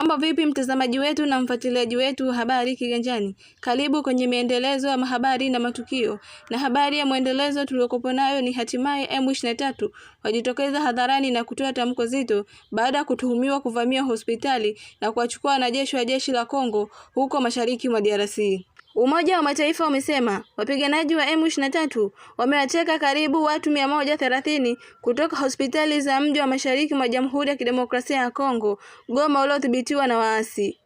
Mambo vipi mtazamaji wetu na mfuatiliaji wetu habari kiganjani, karibu kwenye miendelezo ya habari na matukio. Na habari ya mwendelezo tuliokopo nayo ni hatimaye M23 wajitokeza hadharani na kutoa tamko zito baada ya kutuhumiwa kuvamia hospitali na kuwachukua wanajeshi wa jeshi la Kongo huko mashariki mwa DRC. Umoja wa Mataifa umesema wapiganaji wa M23 wamewateka karibu watu mia moja thelathini kutoka hospitali za mji wa mashariki mwa Jamhuri ya Kidemokrasia ya Kongo, Goma, uliothibitiwa na waasi.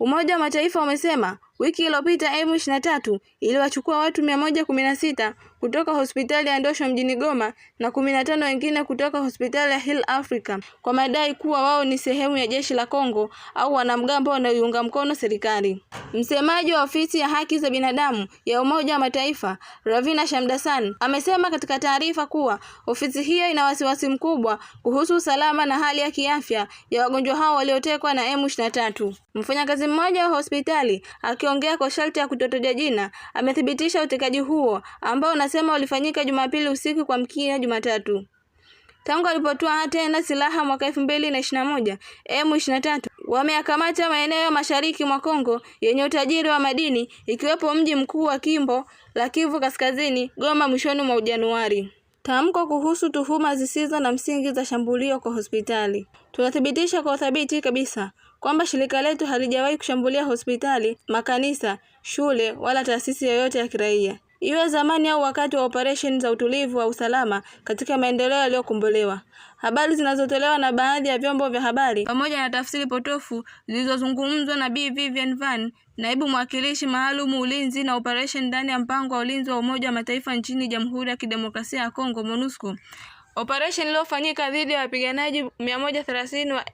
Umoja wa Mataifa umesema Wiki iliyopita M23 iliwachukua watu mia moja kumi na sita kutoka hospitali ya Ndosho mjini Goma na kumi na tano wengine kutoka hospitali ya Hill Africa kwa madai kuwa wao ni sehemu ya jeshi la Kongo au wanamgambo wanaoiunga mkono serikali. Msemaji wa ofisi ya haki za binadamu ya Umoja wa Mataifa, Ravina Shamdasan, amesema katika taarifa kuwa ofisi hiyo ina wasiwasi mkubwa kuhusu usalama na hali ya kiafya ya wagonjwa hao waliotekwa na M23. Mfanyakazi mmoja wa hospitali aki akiongea kwa sharti ya kutotaja jina, amethibitisha utekaji huo ambao unasema ulifanyika Jumapili usiku kwa mkia Jumatatu. Tangu alipotoa tena silaha mwaka elfu mbili na ishirini na moja M23 wameyakamata maeneo ya mashariki mwa Kongo yenye utajiri wa madini ikiwepo mji mkuu wa Kimbo la Kivu Kaskazini, Goma mwishoni mwa Januari. Tamko kuhusu tuhuma zisizo na msingi za shambulio kwa hospitali. Tunathibitisha kwa uthabiti kabisa kwamba shirika letu halijawahi kushambulia hospitali, makanisa, shule wala taasisi yoyote ya kiraia iwe zamani au wakati wa operesheni za utulivu wa usalama katika maendeleo yaliyokumbolewa Habari zinazotolewa na baadhi ya vyombo vya habari pamoja na tafsiri potofu zilizozungumzwa na Bi Vivian Van, naibu mwakilishi maalumu ulinzi na operesheni ndani ya mpango wa ulinzi wa Umoja wa Mataifa nchini Jamhuri ya Kidemokrasia ya Kongo MONUSCO Operesheni iliyofanyika dhidi ya wapiganaji 130 wa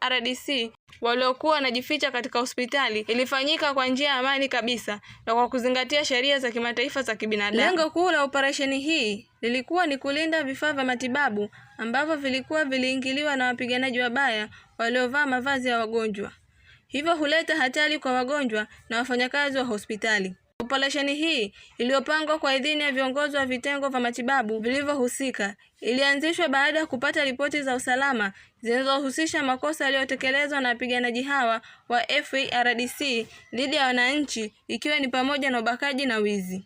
FARDC waliokuwa wanajificha katika hospitali ilifanyika kwa njia ya amani kabisa na kwa kuzingatia sheria za kimataifa za kibinadamu. Lengo kuu la operesheni hii lilikuwa ni kulinda vifaa vya matibabu ambavyo vilikuwa viliingiliwa na wapiganaji wabaya waliovaa mavazi ya wagonjwa, hivyo huleta hatari kwa wagonjwa na wafanyakazi wa hospitali. Operesheni hii iliyopangwa kwa idhini ya viongozi wa vitengo vya matibabu vilivyohusika ilianzishwa baada ya kupata ripoti za usalama zinazohusisha makosa yaliyotekelezwa na wapiganaji hawa wa FARDC dhidi ya wananchi ikiwa ni pamoja na ubakaji na wizi.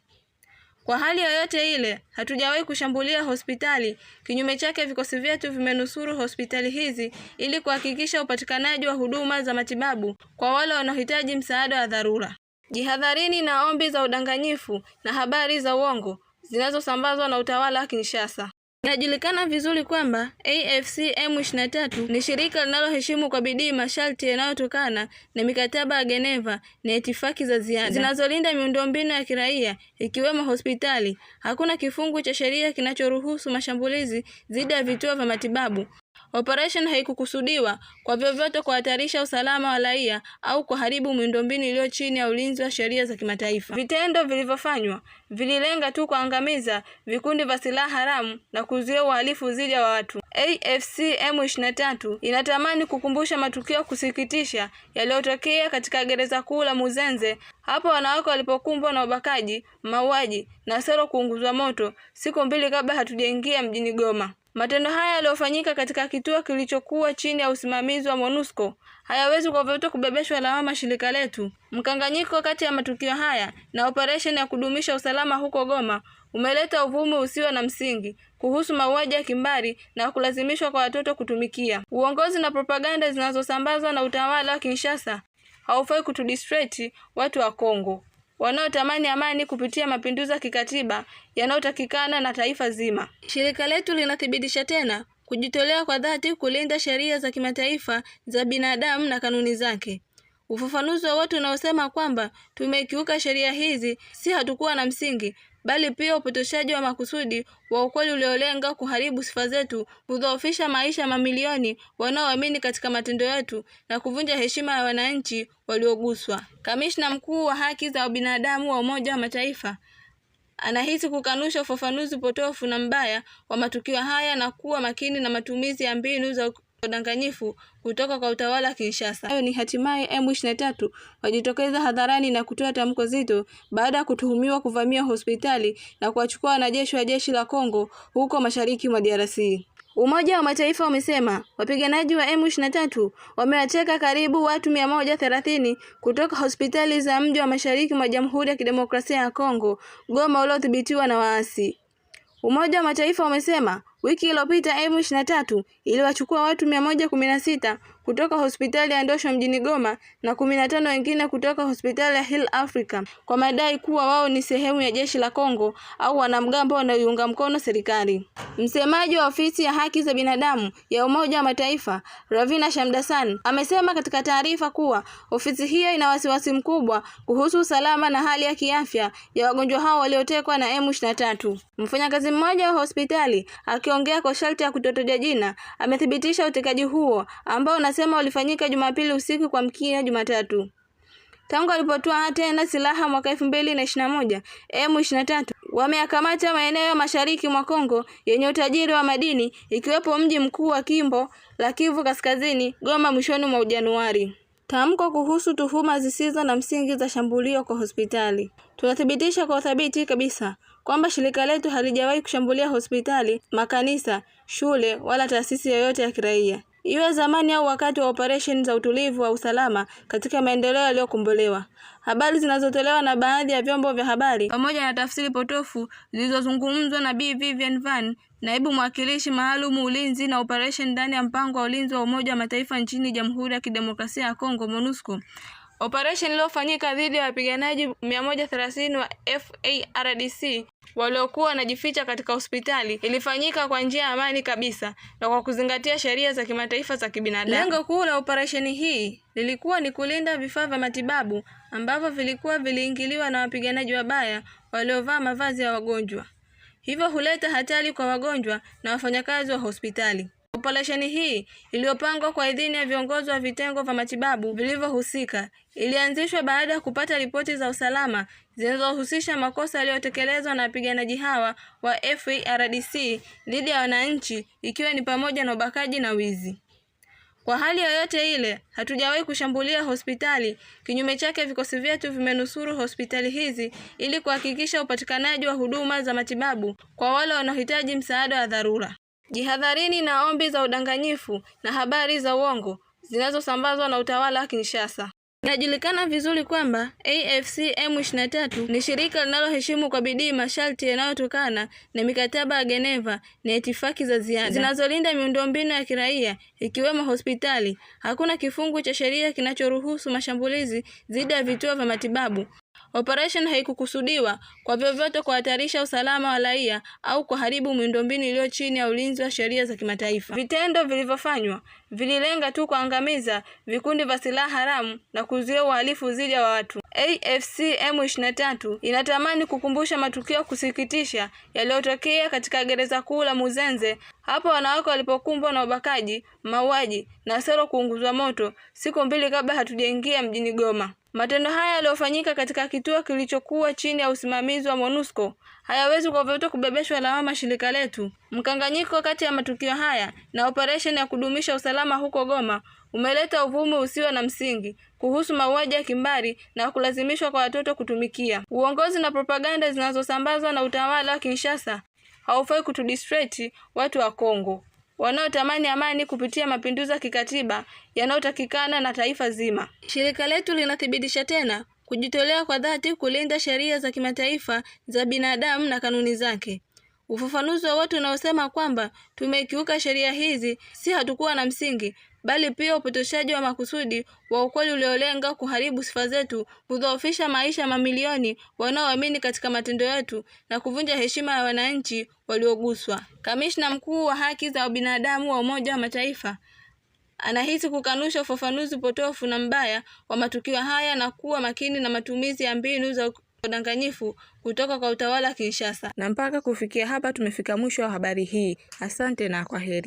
Kwa hali yoyote ile, hatujawahi kushambulia hospitali. Kinyume chake, vikosi vyetu vimenusuru hospitali hizi ili kuhakikisha upatikanaji wa huduma za matibabu kwa wale wanaohitaji msaada wa dharura. Jihadharini na ombi za udanganyifu na habari za uongo zinazosambazwa na utawala wa Kinshasa. Inajulikana vizuri kwamba AFC M23 ni shirika linaloheshimu kwa bidii masharti yanayotokana na mikataba ya Geneva na itifaki za ziada zinazolinda miundombinu ya kiraia ikiwemo hospitali. Hakuna kifungu cha sheria kinachoruhusu mashambulizi dhidi ya vituo vya matibabu, Operation haikukusudiwa kwa vyovyote kuhatarisha usalama wa raia au kuharibu miundombinu iliyo chini ya ulinzi wa sheria za kimataifa. Vitendo vilivyofanywa vililenga tu kuangamiza vikundi vya silaha haramu na kuzuia uhalifu dhidi ya watu. AFC M23 inatamani kukumbusha matukio ya kusikitisha yaliyotokea katika gereza kuu la Muzenze, hapo wanawake walipokumbwa na ubakaji, mauaji na sero kuunguzwa moto siku mbili kabla hatujaingia mjini Goma. Matendo haya yaliyofanyika katika kituo kilichokuwa chini ya usimamizi wa MONUSCO hayawezi kwa vyovyote kubebeshwa lawama shirika letu. Mkanganyiko kati ya matukio haya na operesheni ya kudumisha usalama huko Goma umeleta uvumi usio na msingi kuhusu mauaji ya kimbari na kulazimishwa kwa watoto kutumikia. Uongozi na propaganda zinazosambazwa na utawala wa Kinshasa haufai kutudistreti watu wa Kongo wanaotamani amani kupitia mapinduzi ya kikatiba yanayotakikana na taifa zima. Shirika letu linathibitisha tena kujitolea kwa dhati kulinda sheria za kimataifa za binadamu na kanuni zake. Ufafanuzi wa watu unaosema kwamba tumekiuka sheria hizi si hatukuwa na msingi bali pia upotoshaji wa makusudi wa ukweli uliolenga kuharibu sifa zetu, kudhoofisha maisha mamilioni wanaoamini katika matendo yetu na kuvunja heshima ya wananchi walioguswa. Kamishna mkuu wa haki za binadamu wa Umoja wa Mataifa anahisi kukanusha ufafanuzi potofu na mbaya wa matukio haya na kuwa makini na matumizi ya mbinu za udanganyifu kutoka kwa utawala wa Kinshasa. Hayo ni hatimaye M23 wajitokeza hadharani na kutoa tamko zito baada ya kutuhumiwa kuvamia hospitali na kuwachukua wanajeshi wa jeshi la Kongo huko mashariki mwa DRC. Umoja wa Mataifa umesema wapiganaji wa M23 wamewateka karibu watu mia moja thelathini kutoka hospitali za mji wa mashariki mwa Jamhuri ya Kidemokrasia ya Kongo, Goma, uliodhibitiwa na waasi. Umoja wa Mataifa umesema Wiki iliyopita M ishirini na tatu iliwachukua watu mia moja kumi na sita kutoka hospitali ya Ndosho mjini Goma na kumi na tano wengine kutoka hospitali ya Hill Africa kwa madai kuwa wao ni sehemu ya jeshi la Kongo au wanamgambo wanaoiunga mkono serikali. Msemaji wa ofisi ya haki za binadamu ya Umoja wa Mataifa Ravina Shamdasan amesema katika taarifa kuwa ofisi hiyo ina wasiwasi mkubwa kuhusu usalama na hali ya kiafya ya wagonjwa hao waliotekwa na M23. Mfanyakazi mmoja wa hospitali akiongea kwa sharti ya kutotajwa jina amethibitisha utekaji huo ambao anasema ulifanyika Jumapili usiku kwa mkia Jumatatu. Tangu alipotua tena silaha mwaka elfu mbili na ishirini na moja M23 wameyakamata maeneo ya mashariki mwa Kongo yenye utajiri wa madini ikiwepo mji mkuu wa Kimbo la Kivu Kaskazini, Goma mwishoni mwa Januari. Tamko kuhusu tuhuma zisizo na msingi za shambulio kwa hospitali. Tunathibitisha kwa uthabiti kabisa kwamba shirika letu halijawahi kushambulia hospitali, makanisa, shule wala taasisi yoyote ya kiraia iwe zamani au wakati wa operesheni za utulivu wa usalama katika maendeleo yaliyokombolewa Habari zinazotolewa na baadhi ya vyombo vya habari pamoja na tafsiri potofu zilizozungumzwa na Bi Vivian Van, naibu mwakilishi maalumu ulinzi na operesheni ndani ya mpango wa ulinzi wa Umoja wa Mataifa nchini Jamhuri ya Kidemokrasia ya Kongo MONUSCO Operesheni iliyofanyika dhidi ya wapiganaji 130 wa FARDC waliokuwa wanajificha katika hospitali ilifanyika kwa njia ya amani kabisa na kwa kuzingatia sheria za kimataifa za kibinadamu. Lengo kuu la operesheni hii lilikuwa ni kulinda vifaa vya matibabu ambavyo vilikuwa viliingiliwa na wapiganaji wabaya waliovaa mavazi ya wagonjwa, hivyo huleta hatari kwa wagonjwa na wafanyakazi wa hospitali. Operesheni hii iliyopangwa kwa idhini ya viongozi wa vitengo vya matibabu vilivyohusika ilianzishwa baada ya kupata ripoti za usalama zinazohusisha makosa yaliyotekelezwa na wapiganaji hawa wa FARDC e dhidi ya wananchi ikiwa ni pamoja na ubakaji na wizi. Kwa hali yoyote ile, hatujawahi kushambulia hospitali. Kinyume chake, vikosi vyetu vimenusuru hospitali hizi ili kuhakikisha upatikanaji wa huduma za matibabu kwa wale wanaohitaji msaada wa dharura. Jihadharini na ombi za udanganyifu na habari za uongo zinazosambazwa na utawala wa Kinshasa. Inajulikana vizuri kwamba AFC M23 ni shirika linaloheshimu kwa bidii masharti yanayotokana na mikataba ya Geneva na itifaki za ziada zinazolinda miundombinu ya kiraia ikiwemo hospitali. Hakuna kifungu cha sheria kinachoruhusu mashambulizi dhidi ya vituo vya matibabu, Operation haikukusudiwa kwa vyovyote kuhatarisha usalama wa raia au kuharibu miundombinu iliyo chini ya ulinzi wa sheria za kimataifa. Vitendo vilivyofanywa vililenga tu kuangamiza vikundi vya silaha haramu na kuzuia uhalifu dhidi ya watu. AFC M23 inatamani kukumbusha matukio ya kusikitisha yaliyotokea katika gereza kuu la Muzenze, hapo wanawake walipokumbwa na ubakaji, mauaji na sero kuunguzwa moto siku mbili kabla hatujaingia mjini Goma. Matendo haya yaliyofanyika katika kituo kilichokuwa chini ya usimamizi wa MONUSCO hayawezi kwa vyovyote kubebeshwa lawama shirika letu. Mkanganyiko kati ya matukio haya na operesheni ya kudumisha usalama huko Goma umeleta uvumi usio na msingi kuhusu mauaji ya kimbari na kulazimishwa kwa watoto kutumikia. Uongozi na propaganda zinazosambazwa na utawala wa Kinshasa haufai kutudistreti watu wa Kongo wanaotamani amani kupitia mapinduzi ya kikatiba yanayotakikana na taifa zima. Shirika letu linathibitisha tena kujitolea kwa dhati kulinda sheria za kimataifa za binadamu na kanuni zake. Ufafanuzi wa watu unaosema kwamba tumekiuka sheria hizi si hatukuwa na msingi bali pia upotoshaji wa makusudi wa ukweli uliolenga kuharibu sifa zetu, kudhoofisha maisha mamilioni wanaoamini katika matendo yetu na kuvunja heshima ya wananchi walioguswa. Kamishna mkuu wa haki za binadamu wa Umoja wa Mataifa anahisi kukanusha ufafanuzi potofu na mbaya wa matukio haya na kuwa makini na matumizi ya mbinu za udanganyifu kutoka kwa utawala wa Kinshasa. Na mpaka kufikia hapa tumefika mwisho wa habari hii. Asante na kwaheri.